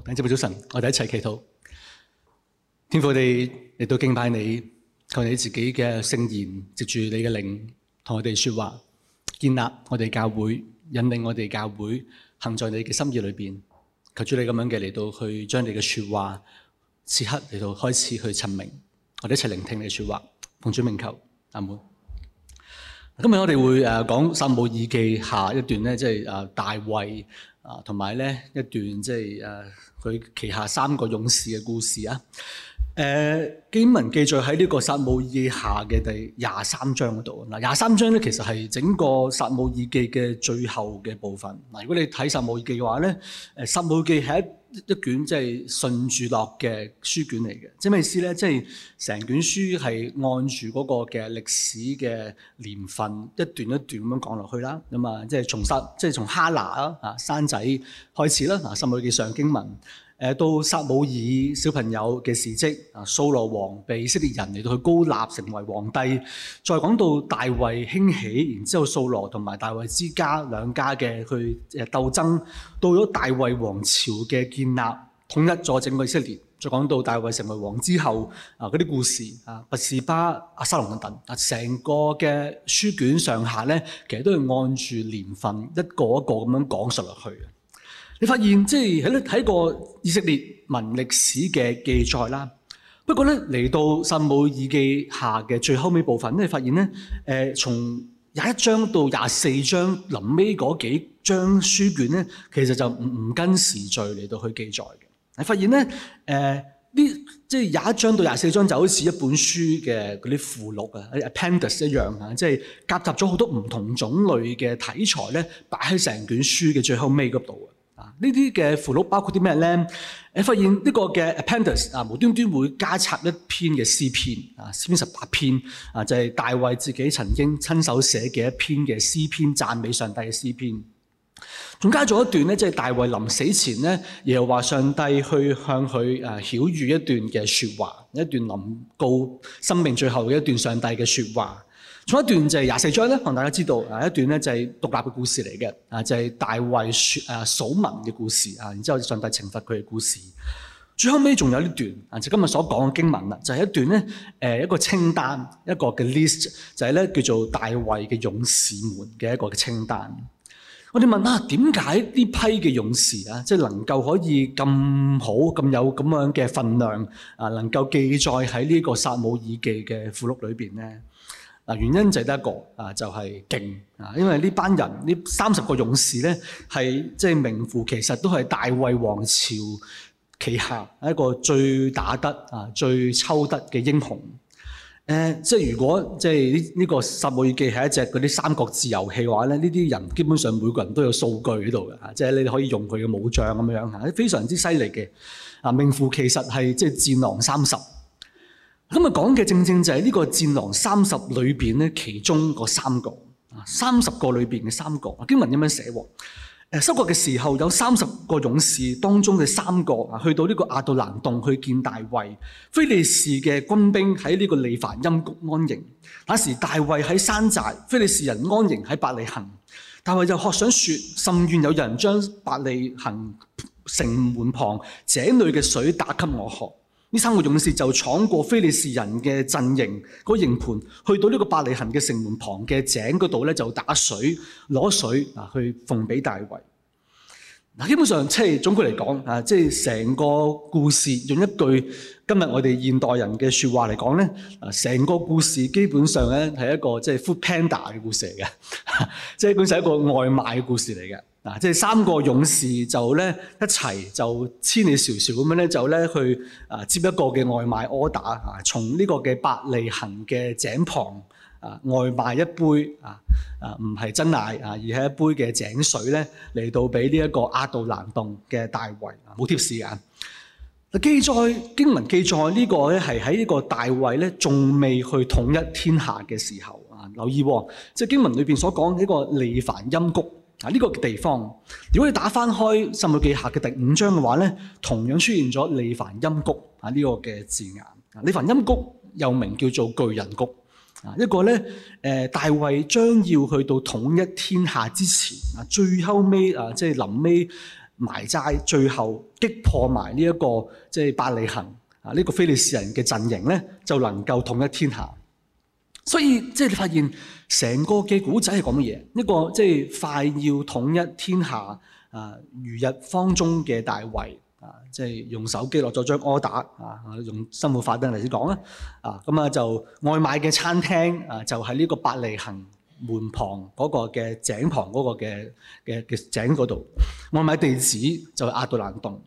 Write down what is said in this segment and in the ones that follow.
等一陣，早晨，我哋一齊祈禱。天父，我哋嚟到敬拜你，求你自己嘅聖言藉住你嘅靈，同我哋説話，建立我哋教會，引領我哋教會行在你嘅心意裏邊。求主你咁樣嘅嚟到去將你嘅説話，此刻嚟到開始去尋明。我哋一齊聆聽你嘅説話。奉主名求，阿門。今日我哋會誒講《撒母耳記》下一段咧，即係誒大衛啊，同埋咧一段即係誒佢旗下三個勇士嘅故事啊。誒，經文記載喺呢個《撒母耳記下》嘅第廿三章嗰度。嗱，廿三章咧其實係整個《撒母耳記》嘅最後嘅部分。嗱，如果你睇《撒母耳記》嘅話咧，誒，《撒母耳記》係一。一卷即係順住落嘅書卷嚟嘅，即係咩意思咧？即係成卷書係按住嗰個嘅歷史嘅年份一段一段咁樣講落去啦，咁啊，即係從薩，即係從哈拿啊嚇山仔開始啦，嗱、啊，撒母耳記上經文。誒到撒母耳小朋友嘅事蹟，啊，掃羅王被以色列人嚟到去高立成為皇帝，再講到大衛興起，然之後掃羅同埋大衛之家兩家嘅佢誒鬥爭，到咗大衛王朝嘅建立，統一咗整個以色列，再講到大衛成為王之後啊嗰啲故事啊，拔士巴押沙龍等等，啊成個嘅書卷上下咧，其實都係按住年份一個一個咁樣講述落去嘅。你發現即係喺咧睇過以色列文歷史嘅記載啦。不過咧嚟到《撒母耳記下》嘅最後尾部分咧，你發現咧誒從廿一章到廿四章臨尾嗰幾章書卷咧，其實就唔唔跟時序嚟到去記載嘅。你發現咧誒呢即係廿一章到廿四章就好似一本書嘅嗰啲附錄啊，appendix 一樣啊，即係夾雜咗好多唔同種類嘅題材咧，擺喺成卷書嘅最後尾嗰度啊。啊！呢啲嘅附錄包括啲咩咧？誒，發現呢個嘅 Appendix 啊，無端端會加插一篇嘅詩篇啊，詩篇十八篇啊，就係、是、大衛自己曾經親手寫嘅一篇嘅詩篇，讚美上帝嘅詩篇。仲加咗一段咧，即係大衛臨死前咧，又話上帝去向佢誒曉喻一段嘅說話，一段臨告生命最後嘅一段上帝嘅說話。仲一段就係廿四章咧，讓大家知道啊一段咧就係獨立嘅故事嚟嘅啊，就係、是、大衛説誒數民嘅故事啊，然之後上帝懲罰佢嘅故事。最後尾仲有呢段啊，就是、今日所講嘅經文啦，就係、是、一段咧誒一個清單一個嘅 list，就係咧叫做大衛嘅勇士們嘅一個嘅清單。我哋問下點解呢批嘅勇士啊，即係能夠可以咁好咁有咁樣嘅份量啊，能夠記載喺呢個撒母耳記嘅附錄裏邊咧？啊，原因就係得一個啊，就係勁啊！因為呢班人呢三十個勇士咧，係即係名副其實都係大衛王朝旗下一個最打得啊、最抽得嘅英雄。誒、呃，即係如果即係呢呢個《撒母耳記》係一隻嗰啲三國志遊戲嘅話咧，呢啲人基本上每個人都有數據喺度嘅，即係你可以用佢嘅武將咁樣啊，非常之犀利嘅。啊，名副其實係即係戰狼三十。咁啊，講嘅正正就係呢個戰狼三十裏面咧，其中嗰三個啊，三十個裏面嘅三個。經文點樣寫喎？收割嘅時候有三十個勇士當中嘅三個啊，去到呢個亞杜蘭洞去見大衛。非利士嘅軍兵喺呢個利乏音谷安營。那時大衛喺山寨，非利士人安營喺伯利恆。大衛就渴想，說，甚願有人將伯利恆城門旁井裏嘅水打給我喝。呢三個勇士就闖過非利士人嘅陣營，嗰營盤去到呢個伯利恆嘅城門旁嘅井嗰度咧，就打水攞水啊去奉俾大衛。嗱，基本上即係總括嚟講啊，即係成個故事用一句今日我哋現代人嘅說話嚟講咧，啊，成個故事基本上咧係一個即係 Food Panda 嘅故事嚟嘅，即係本上係一個外賣嘅故事嚟嘅。嗱，即係三個勇士就咧一齊就千里迢迢咁樣咧，就咧去啊接一個嘅外賣 order 啊，從呢個嘅伯利恆嘅井旁啊外賣一杯啊啊唔係珍奶啊，而係一杯嘅井水咧嚟到俾呢一個亞度蘭洞嘅大衛啊，冇貼士啊。嗱，記載經文記載呢、這個咧係喺呢個大衛咧仲未去統一天下嘅時候啊，留意、哦、即係經文裏邊所講呢個利乏音谷。啊！呢個地方，如果你打翻開《撒母耳記下》嘅第五章嘅話咧，同樣出現咗利乏音谷啊，呢個嘅字眼。啊，利乏音谷又名叫做巨人谷。啊，一個咧，誒大衛將要去到統一天下之前，啊最後尾啊，即係臨尾埋齋，最後擊破埋呢一個即係伯利恆啊呢個非利士人嘅陣營咧，就能夠統一天下。所以即係你發現成個嘅古仔係講乜嘢？一個即係快要統一天下啊，如日方中嘅大衛啊，即係用手機落咗張 order 啊，用生活化啲嚟講啦啊，咁啊就外賣嘅餐廳啊，就喺呢個伯利恆門旁嗰個嘅井旁嗰個嘅嘅嘅井嗰度。外賣地址就係亞杜蘭洞。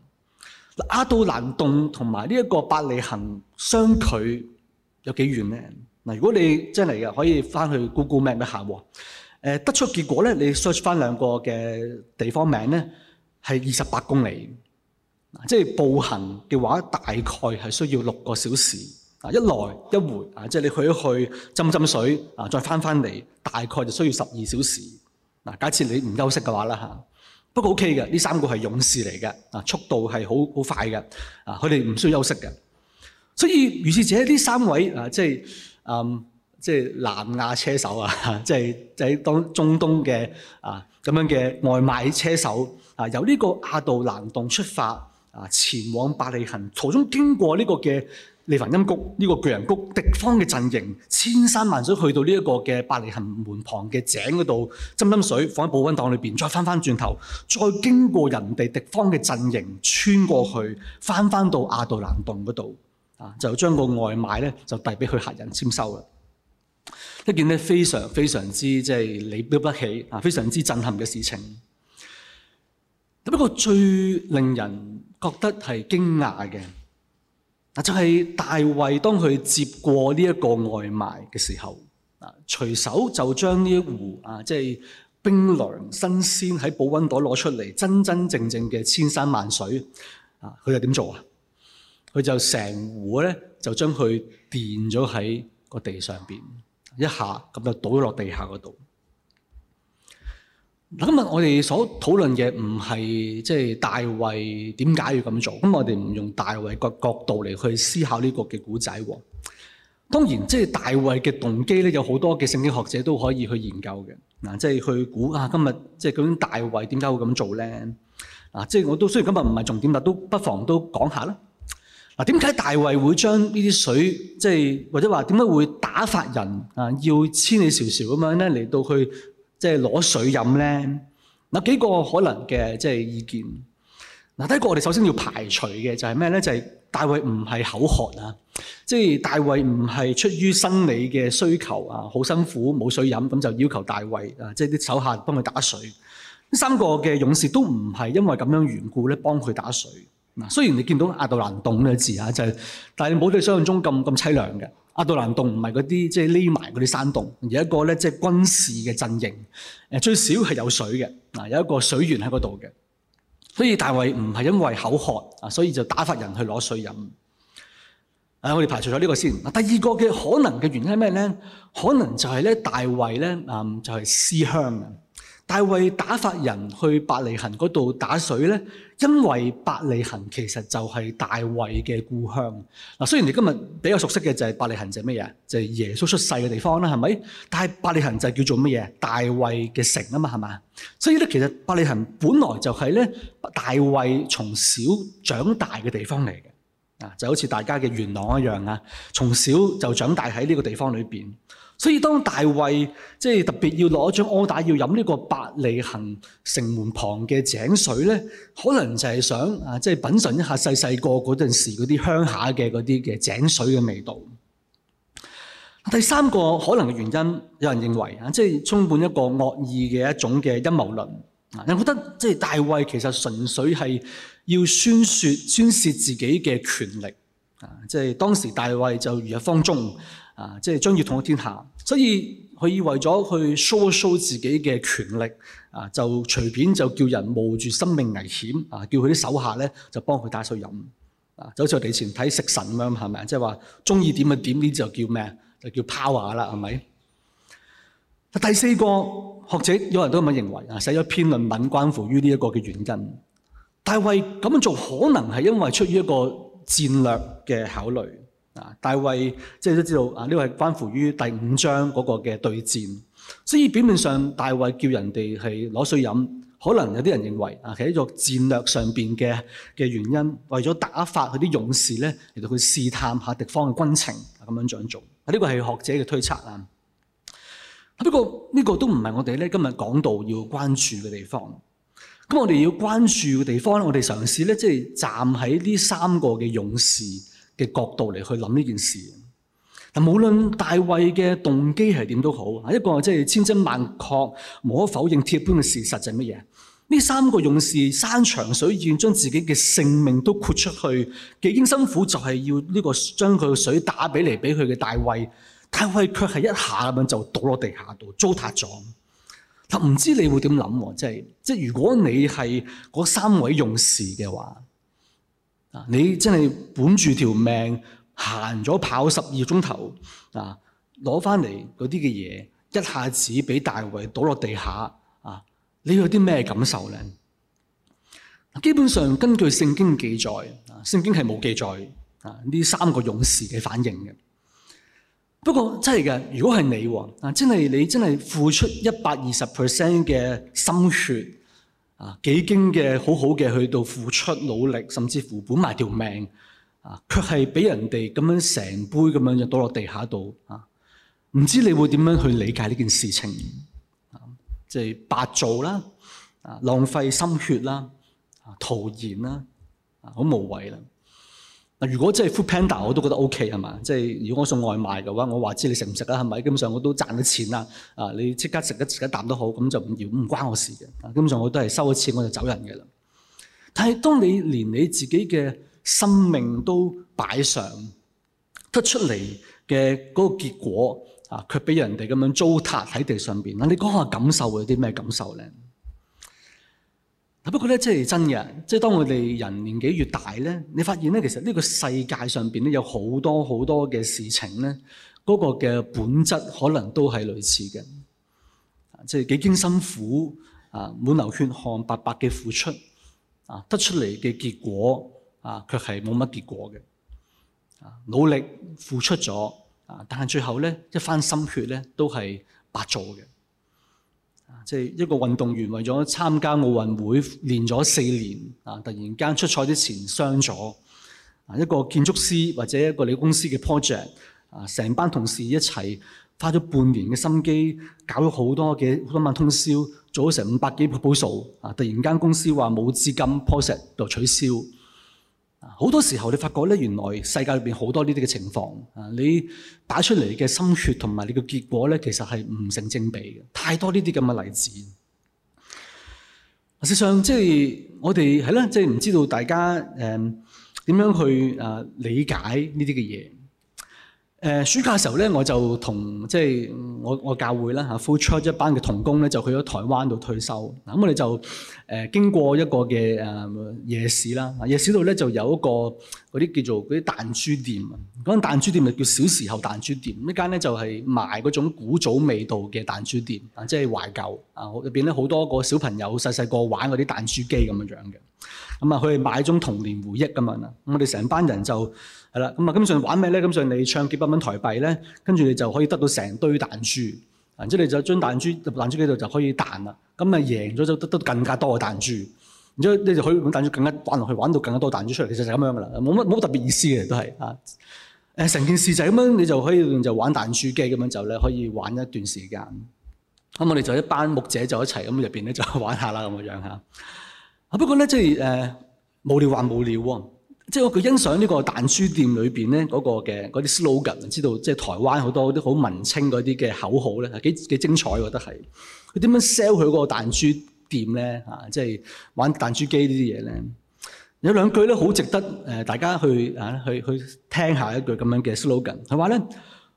亞杜蘭洞同埋呢一個伯利恆相距有幾遠咧？嗱，如果你真係嘅，可以翻去 Google Map 度行喎。誒，得出結果咧，你 search 翻兩個嘅地方名咧，係二十八公里。即係步行嘅話，大概係需要六個小時。啊，一來一回啊，即係你去一去浸浸水啊，再翻翻嚟，大概就需要十二小時。嗱，假設你唔休息嘅話啦嚇，不過 OK 嘅，呢三個係勇士嚟嘅。啊，速度係好好快嘅。啊，佢哋唔需要休息嘅。所以如是者呢三位啊，即係。嗯，即係南亞車手啊，即係喺當中東嘅啊咁樣嘅外賣車手啊，由呢個亞杜蘭洞出發啊，前往伯利恆，途中經過呢個嘅利乏音谷呢，這個巨人谷敵方嘅陣營，千山萬水去到呢一個嘅伯利恆門旁嘅井嗰度斟斟水放喺保溫袋裏邊，再翻翻轉頭，再經過人哋敵方嘅陣營穿過去，翻翻到亞杜蘭洞嗰度。啊！就將個外賣咧，就遞俾佢客人簽收啦。一件咧，非常非常之即係了不起啊，非常之震撼嘅事情。咁不過最令人覺得係驚訝嘅，嗱就係大衛當佢接過呢一個外賣嘅時候，啊，隨手就將呢一壺啊，即係冰涼新鮮喺保溫袋攞出嚟，真真正正嘅千山萬水啊，佢又點做啊？佢就成壺咧，就將佢墊咗喺個地上邊，一下咁就倒落地下嗰度。嗱，今日我哋所討論嘅唔係即係大衛點解要咁做，咁我哋唔用大衛個角度嚟去思考呢個嘅古仔。當然，即係大衛嘅動機咧，有好多嘅聖經學者都可以去研究嘅。嗱，啊，即係去估下，啊，今日即係究竟大衛點解會咁做咧？即係，啊，我都雖然今日唔係重點，但都不妨都講下啦。嗱，點解大衛會將呢啲水，即係或者話點解會打發人啊，要千里迢迢咁樣咧嚟到去即係攞水飲咧？嗱，幾個可能嘅即係意見。嗱，第一個我哋首先要排除嘅就係咩咧？就係大衛唔係口渴啊，即係大衛唔係出於生理嘅需求啊，好辛苦冇水飲，咁就要求大衛啊，即係啲手下幫佢打水。三個嘅勇士都唔係因為咁樣緣故咧幫佢打水。雖然你見到亞杜蘭洞呢個字啊，就係，但係你冇你想象中咁咁淒涼嘅。亞杜蘭洞唔係嗰啲即係匿埋嗰啲山洞，而係一個咧即係軍事嘅陣營。誒，最少係有水嘅，啊有一個水源喺嗰度嘅。所以大衛唔係因為口渴啊，所以就打發人去攞水飲。啊，我哋排除咗呢個先。第二個嘅可能嘅原因係咩咧？可能就係咧大衛咧，嗯就係思鄉嘅。大衛打發人去伯利恒嗰度打水咧，因為伯利恒其實就係大衛嘅故鄉。嗱，雖然你今日比較熟悉嘅就係伯利恒就，就係乜嘢，就係耶穌出世嘅地方啦，係咪？但係伯利恒就叫做乜嘢？大衛嘅城啊嘛，係嘛？所以咧，其實伯利恒本來就係咧大衛從小長大嘅地方嚟嘅，啊，就好似大家嘅元朗一樣啊，從小就長大喺呢個地方裏面。所以當大衛即係特別要攞張柯打要飲呢個伯利恆城門旁嘅井水咧，可能就係想啊，即係品嚐一下細細個嗰陣時嗰啲鄉下嘅嗰啲嘅井水嘅味道。第三個可能嘅原因，有人認為啊，即係充滿一個惡意嘅一種嘅陰謀論。啊，我覺得即係大衛其實純粹係要宣説，宣泄自己嘅權力。啊！即係當時大衛就如日方中，啊！即係將要統一天下，所以佢要為咗去 show show 自己嘅權力，啊！就隨便就叫人冒住生命危險，啊！叫佢啲手下咧就幫佢打水飲，啊！就好似我哋以前睇食神咁係咪？即係話中意點就點，呢啲就叫咩？就叫 power 啦係咪？第四個學者有人都咁認為，啊、寫咗篇論文關乎於呢一個嘅原因，大衛咁樣做可能係因為出於一個戰略嘅考慮啊，大衛即係都知道啊，呢個係關乎於第五章嗰個嘅對戰，所以表面上大衛叫人哋去攞水飲，可能有啲人認為啊，係一個戰略上邊嘅嘅原因，為咗打發佢啲勇士咧，嚟到去試探下敵方嘅軍情啊，咁樣做，呢個係學者嘅推測啊。不過呢個都唔係我哋咧今日講到要關注嘅地方。咁我哋要關注嘅地方，我哋嘗試咧，即係站喺呢三個嘅勇士嘅角度嚟去諗呢件事。嗱，無論大衛嘅動機係點都好，一個即係千真萬確、無可否認、鐵般嘅事實就係乜嘢？呢三個勇士山長水遠將自己嘅性命都豁出去，幾經辛苦就係要呢、呢個將佢嘅水打俾嚟俾佢嘅大衛，大衛卻係一下咁樣就倒落地下度，糟蹋咗。咁唔知你會點諗？即係即係如果你係嗰三位勇士嘅話，你真係本住條命行咗跑十二鐘頭啊，攞翻嚟嗰啲嘅嘢，一下子畀大衞倒落地下。你有啲咩感受呢？基本上根據聖經記載，聖經係冇記載呢三個勇士嘅反應嘅。不過真係嘅，如果係你喎，啊，真係你真係付出一百二十 percent 嘅心血，啊，幾經嘅好好嘅去到付出努力，甚至乎本埋條命，啊，卻係俾人哋咁樣成杯咁樣就倒落地下度，啊，唔知你會點樣去理解呢件事情？啊，即係白做啦，啊浪費心血啦，啊徒然啦，啊好無謂啦。如果真係 food panda，我都覺得 OK 係嘛？即係如果我送外賣嘅話，我話知你食唔食啊係咪？基本上我都賺咗錢啦，啊！你即刻食一食一啖都好，咁就唔要唔關我事嘅。啊，基本上我都係收咗錢我就走人嘅啦。但係當你連你自己嘅生命都擺上，得出嚟嘅嗰個結果啊，卻俾人哋咁樣糟蹋喺地上邊。嗱，你講下感受，有啲咩感受咧？不過咧，即係真嘅，即係當我哋人年紀越大咧，你發現咧，其實呢個世界上邊咧有好多好多嘅事情咧，嗰個嘅本質可能都係類似嘅，即係幾經辛苦啊，滿流血汗，白白嘅付出啊，得出嚟嘅結果啊，卻係冇乜結果嘅啊，努力付出咗啊，但係最後咧一番心血咧都係白做嘅。即係一個運動員為咗參加奧運會練咗四年啊，突然間出賽之前傷咗啊！一個建築師或者一個你公司嘅 project 啊，成班同事一齊花咗半年嘅心機，搞咗好多嘅好多晚通宵，做咗成五百幾個 proposal 啊！突然間公司話冇資金 project 就取消。好多時候你發覺咧，原來世界裏邊好多呢啲嘅情況，你打出嚟嘅心血同埋你嘅結果咧，其實係唔成正比嘅。太多呢啲咁嘅例子。事實上，即係我哋係啦，即係唔知道大家誒點樣去誒理解呢啲嘅嘢。誒暑假嘅時候咧，我就同即係我我教會啦嚇，呼出一班嘅童工咧，就去咗台灣度退休。咁我哋就誒、呃、經過一個嘅誒夜市啦。夜市度咧就有一個嗰啲叫做嗰啲彈珠店。嗰間彈珠店就叫小時候彈珠店。呢間咧就係賣嗰種古早味道嘅彈珠店，即懷舊啊即係懷舊啊，入面咧好多個小朋友細細個玩嗰啲彈珠機咁樣樣嘅。咁啊，佢係買種童年回憶咁樣啦。咁我哋成班人就～係啦，咁啊，基本上玩咩咧？咁上你唱幾百蚊台幣咧，跟住你就可以得到成堆彈珠，然即係你就將彈珠彈珠機度就可以彈啦。咁啊，贏咗就得得更加多嘅彈珠，然之後你就可以用彈珠更加玩落去，玩到更加多彈珠出嚟。其實就咁樣噶啦，冇乜冇特別意思嘅都係啊。誒，成件事就係咁樣，你就可以就玩彈珠機咁樣就咧可以玩一段時間。咁我哋就一班牧者就一齊咁入邊咧就玩下啦咁嘅樣嚇。啊不過咧即係誒、呃、無聊還無聊喎、啊。即係我佢欣賞呢個彈珠店裏面咧嗰、嗰個嘅嗰啲 slogan，知道即係台灣好多啲好文青嗰啲嘅口號咧，幾幾精彩，覺得係佢點樣 sell 佢嗰個彈珠店咧、啊、即係玩彈珠機呢啲嘢咧，有兩句咧好值得、呃、大家去啊去啊去，去聽一下一句咁樣嘅 slogan，佢話咧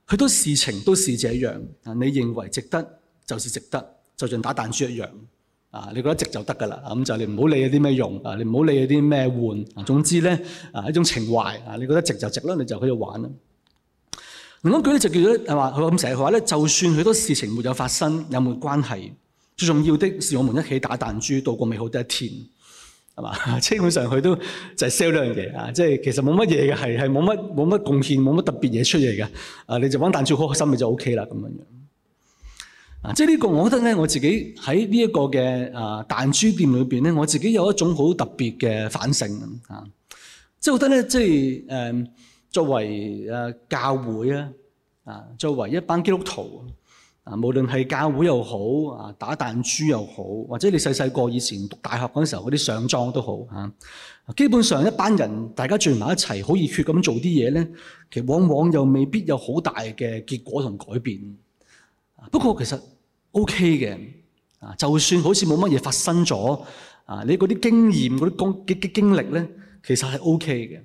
佢都事情都是這樣啊！你認為值得就是值得，就像打彈珠一樣。啊，你覺得值就得㗎啦，咁就你唔好理嗰啲咩用，啊你唔好理嗰啲咩換，總之咧，啊一種情懷，啊你覺得值就值啦，你就喺度玩啦。另一句咧就叫做係話，佢咁成日話咧，就算好多事情沒有發生，有冇關係？最重要的是我們一起打彈珠，度過美好的一天，係嘛？基本上佢都就 sell 呢樣嘢啊，即係其實冇乜嘢嘅，係係冇乜冇乜貢獻，冇乜特別嘢出嚟嘅，啊你就玩彈珠好開心，你就 OK 啦咁樣樣。即呢個，我覺得咧，我自己喺呢一個嘅啊彈珠店裏面咧，我自己有一種好特別嘅反省啊！即我覺得咧，即係作為誒教會啊，啊作為一班基督徒啊，無論係教會又好啊，打彈珠又好，或者你細細個以前讀大學嗰時候嗰啲上莊都好，基本上一班人大家聚埋一齊好熱血咁做啲嘢咧，其實往往又未必有好大嘅結果同改變。不過其實 OK 嘅啊，就算好似冇乜嘢發生咗啊，你嗰啲經驗、嗰啲工、嘅嘅經歷咧，其實係 OK 嘅。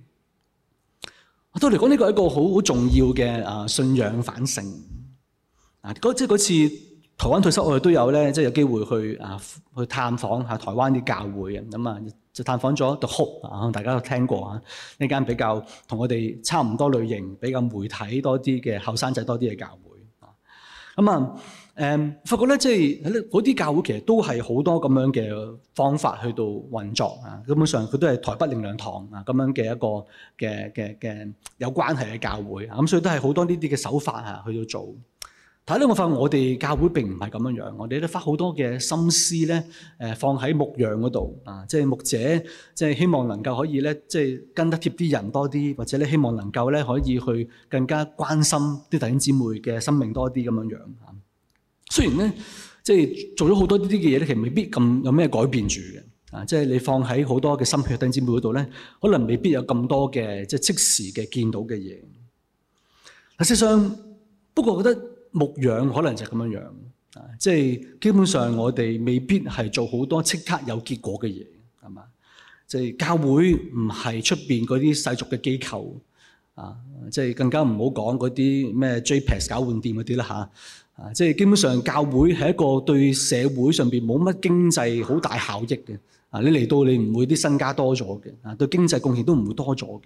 我都嚟講呢個係一個好好重要嘅啊信仰反省啊。嗰即係次台灣退修，我哋都有咧，即係有機會去啊去探訪下台灣啲教會嘅咁啊，就探訪咗 The Hope 啊，大家都聽過啊，呢間比較同我哋差唔多類型，比較媒體多啲嘅後生仔多啲嘅教會。咁、嗯、啊，誒發覺咧，即係嗰啲教會其實都係好多咁樣嘅方法去到運作啊。根本上佢都係台北靈糧堂啊咁樣嘅一個嘅嘅嘅有關係嘅教會啊。咁所以都係好多呢啲嘅手法啊去到做。睇咧，我發覺我哋教會並唔係咁樣樣，我哋都花好多嘅心思咧，誒放喺牧養嗰度啊，即係牧者，即係希望能夠可以咧，即係跟得貼啲人多啲，或者咧，希望能夠咧可以去更加關心啲弟兄姊妹嘅生命多啲咁樣樣啊。雖然咧，即係做咗好多呢啲嘅嘢咧，其實未必咁有咩改變住嘅啊。即係你放喺好多嘅心血弟兄姊妹嗰度咧，可能未必有咁多嘅即係即時嘅見到嘅嘢。實際上，不過我覺得。牧養可能就係咁樣樣，啊，即係基本上我哋未必係做好多即刻有結果嘅嘢，係嘛？即係教會唔係出邊嗰啲世俗嘅機構，啊，即係更加唔好講嗰啲咩 JPEX 搞換店嗰啲啦嚇，啊，即係基本上教會係一個對社會上邊冇乜經濟好大效益嘅，啊，你嚟到你唔會啲身家多咗嘅，啊，對經濟貢獻都唔會多咗嘅。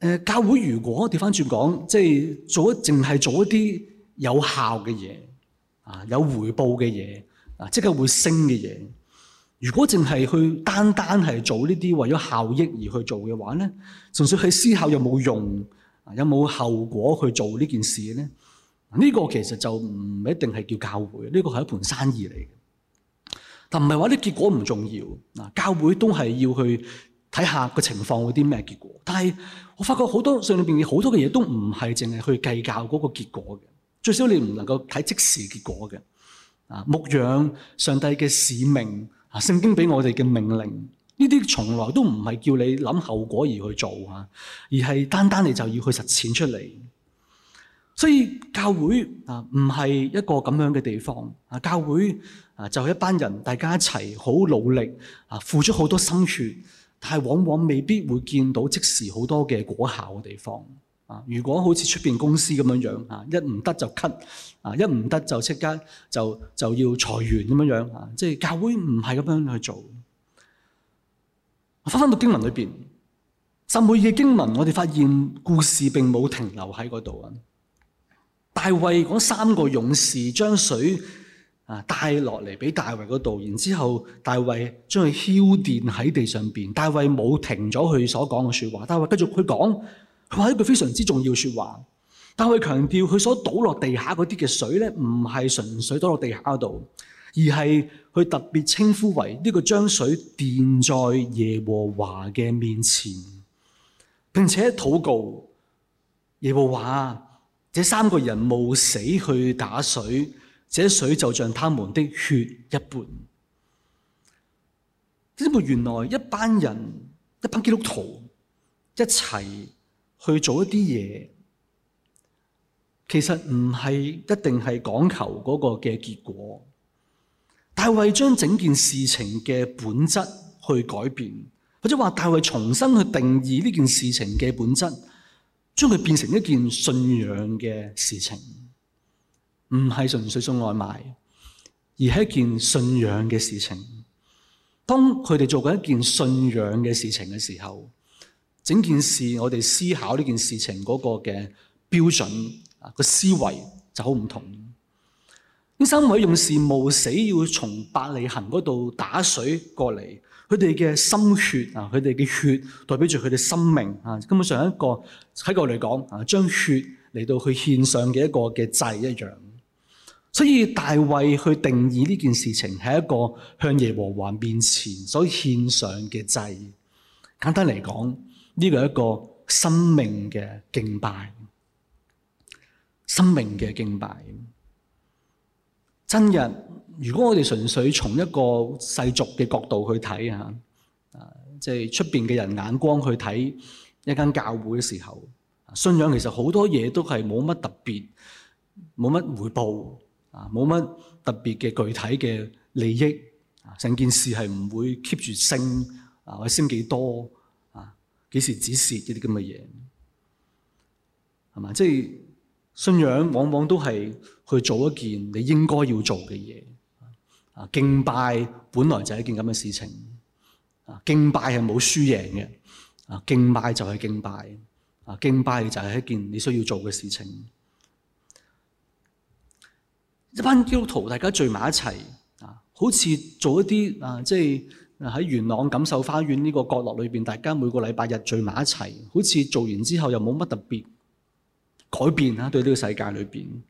誒，教會如果調翻轉講，即係做一淨係做一啲。有效嘅嘢啊，有回報嘅嘢啊，即係會升嘅嘢。如果淨係去單單係做呢啲為咗效益而去做嘅話咧，就算去思考有冇用，有冇後果去做呢件事咧，呢個其實就唔一定係叫教會，呢個係一盤生意嚟嘅。但唔係話啲結果唔重要啊，教會都係要去睇下個情況會啲咩結果。但係我發覺好多上邊好多嘅嘢都唔係淨係去計較嗰個結果嘅。最少你唔能夠睇即時結果嘅，啊牧養上帝嘅使命，啊聖經俾我哋嘅命令，呢啲從來都唔係叫你諗後果而去做啊，而係單單你就要去實踐出嚟。所以教會啊唔係一個咁樣嘅地方啊，教會啊就係一班人大家一齊好努力啊，付出好多心血，但係往往未必會見到即時好多嘅果效嘅地方。如果好似出邊公司咁樣樣，一唔得就 cut，一唔得就即刻就就要裁員咁樣樣，即係教會唔係咁樣去做。翻翻到經文裏邊，撒母耳嘅經文，我哋發現故事並冇停留喺嗰度。大衛講三個勇士將水啊帶落嚟俾大衛嗰度，然之後大衛將佢澆奠喺地上邊，大衛冇停咗佢所講嘅說話，大衛繼續佢講。佢話一句非常之重要說話。但佢強調佢所倒落地下嗰啲嘅水咧，唔係純粹倒落地下嗰度，而係佢特別稱呼為呢個將水奠在耶和華嘅面前。並且禱告，耶和華，這三個人冒死去打水，這水就像他們的血一般。點解？原來一班人、一班基督徒一齊。去做一啲嘢，其實唔係一定係講求嗰個嘅結果，大衛將整件事情嘅本質去改變，或者話，大衛重新去定義呢件事情嘅本質，將佢變成一件信仰嘅事情，唔係純粹送外賣，而係一件信仰嘅事情。當佢哋做緊一件信仰嘅事情嘅時候。整件事，我哋思考呢件事情嗰個嘅標準啊，個思維就好唔同。呢三位勇士冒死要從伯利恒嗰度打水過嚟，佢哋嘅心血啊，佢哋嘅血代表住佢哋生命啊，根本上一個喺過嚟講啊，將血嚟到去獻上嘅一個嘅祭一樣。所以大衛去定義呢件事情係一個向耶和華面前所獻上嘅祭。簡單嚟講。呢個係一個生命嘅敬拜，生命嘅敬拜。真嘅，如果我哋純粹從一個世俗嘅角度去睇啊，即係出邊嘅人眼光去睇一間教會嘅時候，啊，信仰其實好多嘢都係冇乜特別，冇乜回報啊，冇乜特別嘅具體嘅利益，成、啊、件事係唔會 keep 住升啊，或者升幾多。幾時指示呢啲咁嘅嘢，係嘛？即係信仰往往都係去做一件你應該要做嘅嘢。啊，敬拜本來就係一件咁嘅事情。啊，敬拜係冇輸贏嘅。啊，敬拜就係敬拜。啊，敬拜就係一件你需要做嘅事情。一班基督徒大家聚埋一齊，啊，好似做一啲啊，即係。喺元朗錦繡花園呢個角落裏面，大家每個禮拜日聚埋一齊，好似做完之後又冇乜特別改變啊，對呢個世界裏面，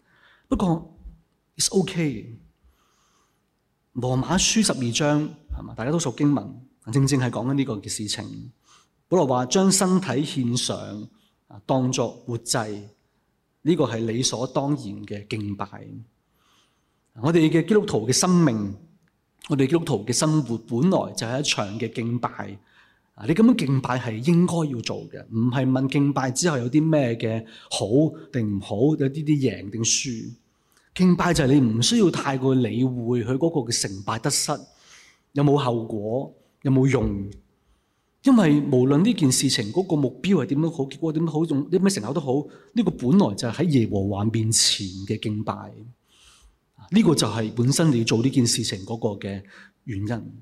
不過 it's OK。羅馬書十二章係嘛？大家都熟經文，正正係講緊呢個嘅事情。保羅話將身體獻上啊，當作活祭，呢、這個係理所當然嘅敬拜。我哋嘅基督徒嘅生命。我哋基督徒嘅生活本來就係一場嘅敬拜，你咁樣的敬拜係應該要做嘅，唔係問敬拜之後有啲咩嘅好定唔好，有啲啲贏定輸。敬拜就係你唔需要太過理會佢嗰個嘅成敗得失，有冇後果，有冇用。因為無論呢件事情嗰個目標係點都好，結果點都好，有啲咩成效都好，呢個本來就係喺耶和華面前嘅敬拜。呢、這個就係本身你做呢件事情嗰個嘅原因。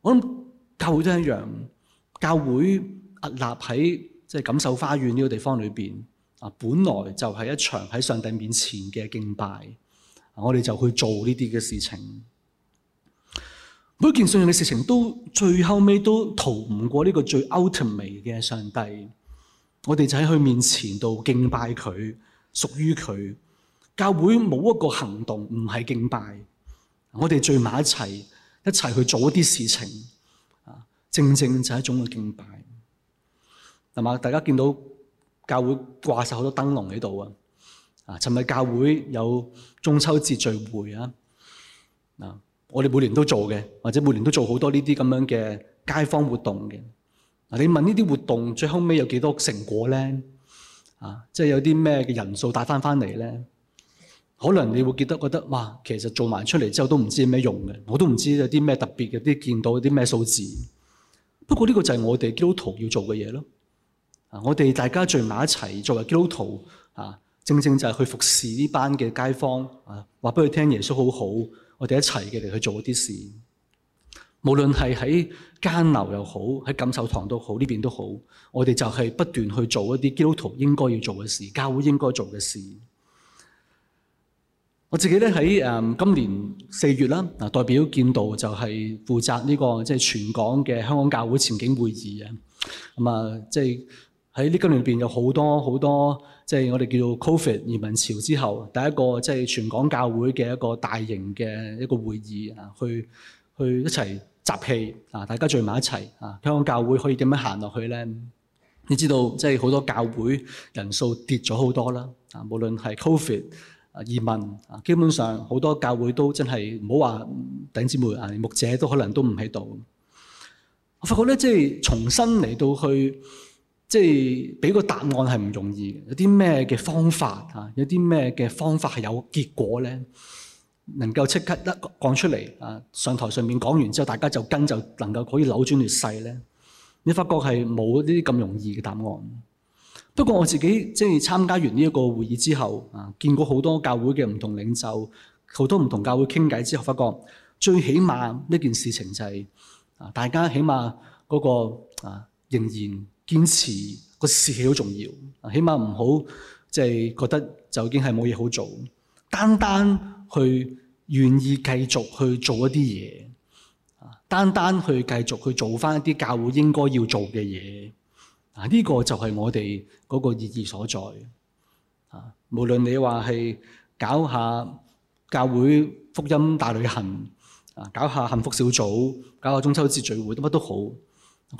我諗教會都一樣，教會立喺即係錦繡花園呢個地方裏邊啊，本來就係一場喺上帝面前嘅敬拜。我哋就去做呢啲嘅事情，每一件信任嘅事情都最後尾都逃唔過呢個最 ultimate 嘅上帝。我哋就喺佢面前度敬拜佢，屬於佢。教會冇一個行動唔係敬拜，我哋聚埋一齊，一齊去做一啲事情。啊，正正就係一種嘅敬拜，係嘛？大家見到教會掛晒好多燈籠喺度啊，啊，尋日教會有中秋節聚會啊，嗱，我哋每年都做嘅，或者每年都做好多呢啲咁樣嘅街坊活動嘅，嗱，你問呢啲活動最後尾有幾多成果咧啊，即係有啲咩嘅人數帶翻翻嚟咧？可能你會覺得覺得哇，其實做埋出嚟之後都唔知有咩用嘅，我都唔知有啲咩特別嘅，啲見到啲咩數字。不過呢個就係我哋基督徒要做嘅嘢咯。啊，我哋大家聚埋一齊，作為基督徒啊，正正就係去服侍呢班嘅街坊啊，話俾佢聽耶穌好好，我哋一齊嘅嚟去做一啲事。無論係喺監牢又好，喺感受堂都好，呢邊都好，我哋就係不斷去做一啲基督徒應該要做嘅事，教會應該做嘅事。我自己咧喺誒今年四月啦，嗱代表建道，就係負責呢個即係全港嘅香港教會前景會議啊，咁啊即係喺呢今年入邊有好多好多即係我哋叫做 Covid 移民潮之後，第一個即係全港教會嘅一個大型嘅一個會議啊，去去一齊集氣啊，大家聚埋一齊啊，香港教會可以點樣行落去咧？你知道即係好多教會人數跌咗好多啦，啊無論係 Covid。啊！疑問啊，基本上好多教會都真係唔好話弟兄姊妹啊，牧者都可能都唔喺度。我發覺咧，即係重新嚟到去，即係俾個答案係唔容易嘅。有啲咩嘅方法啊？有啲咩嘅方法係有結果咧？能夠即刻得講出嚟啊！上台上面講完之後，大家就跟就能夠可以扭轉劣勢咧。你發覺係冇呢啲咁容易嘅答案。不過我自己即係參加完呢個會議之後，啊，見過好多教會嘅唔同領袖，好多唔同教會傾偈之後，發覺最起碼呢件事情就係啊，大家起碼嗰個啊仍然堅持個士氣好重要，啊，起碼唔好即係覺得就已經係冇嘢好做，單單去願意繼續去做一啲嘢，啊，單單去繼續去做翻一啲教會應該要做嘅嘢。啊！呢個就係我哋嗰個意義所在。啊，無論你話係搞下教會福音大旅行，啊，搞下幸福小組，搞下中秋節聚會，乜都好。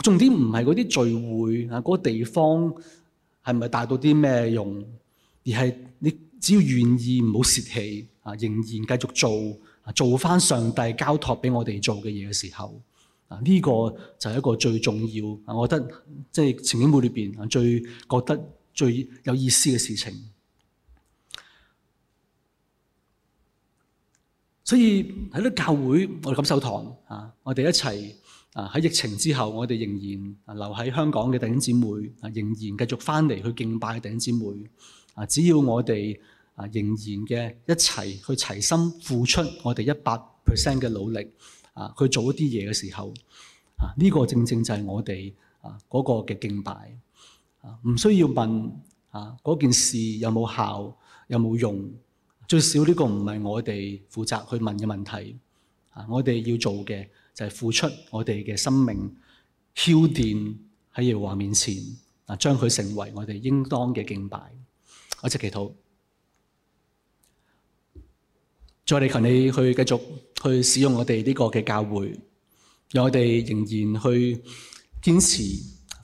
重點唔係嗰啲聚會啊，嗰個地方係咪大到啲咩用？而係你只要願意，唔好泄氣，啊，仍然繼續做，啊，做翻上帝交託俾我哋做嘅嘢嘅時候。啊！呢個就係一個最重要啊，我覺得即係、就是、情景會裏邊啊，最覺得最有意思嘅事情。所以喺啲教會，我哋感受堂啊，我哋一齊啊，喺疫情之後，我哋仍然留喺香港嘅弟兄姊妹啊，仍然繼續返嚟去敬拜弟兄姊妹啊。只要我哋啊，仍然嘅一齊去齊心付出，我哋一百 percent 嘅努力。啊！佢做一啲嘢嘅時候，啊、這、呢個正正就係我哋啊嗰個嘅敬拜，啊唔需要問啊嗰件事有冇效有冇用，最少呢個唔係我哋負責去問嘅問題。啊，我哋要做嘅就係付出我哋嘅生命，澆奠喺耶和華面前，嗱將佢成為我哋應當嘅敬拜。我一齊祈禱。再嚟求你去繼續去使用我哋呢個嘅教會，讓我哋仍然去堅持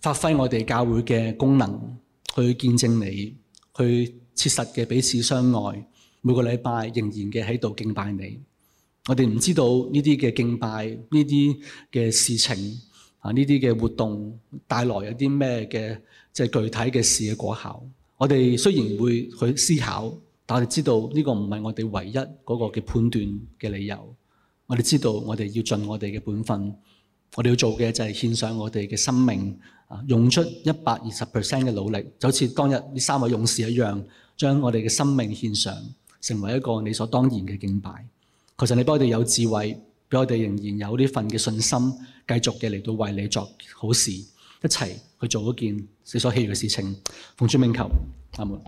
發揮我哋教會嘅功能，去見證你，去切實嘅彼此相愛，每個禮拜仍然嘅喺度敬拜你。我哋唔知道呢啲嘅敬拜、呢啲嘅事情啊、呢啲嘅活動帶來有啲咩嘅即係具體嘅事嘅果效。我哋雖然會去思考，但我哋知道呢個唔係我哋唯一嗰個嘅判斷嘅理由。我哋知道我哋要盡我哋嘅本分，我哋要做嘅就係獻上我哋嘅生命，啊，用出一百二十 percent 嘅努力，就好似當日呢三位勇士一樣，將我哋嘅生命獻上，成為一個理所當然嘅敬拜。其神你幫我哋有智慧，俾我哋仍然有呢份嘅信心，繼續嘅嚟到為你作好事，一齊去做一件你所喜悅嘅事情明。奉主命求阿門。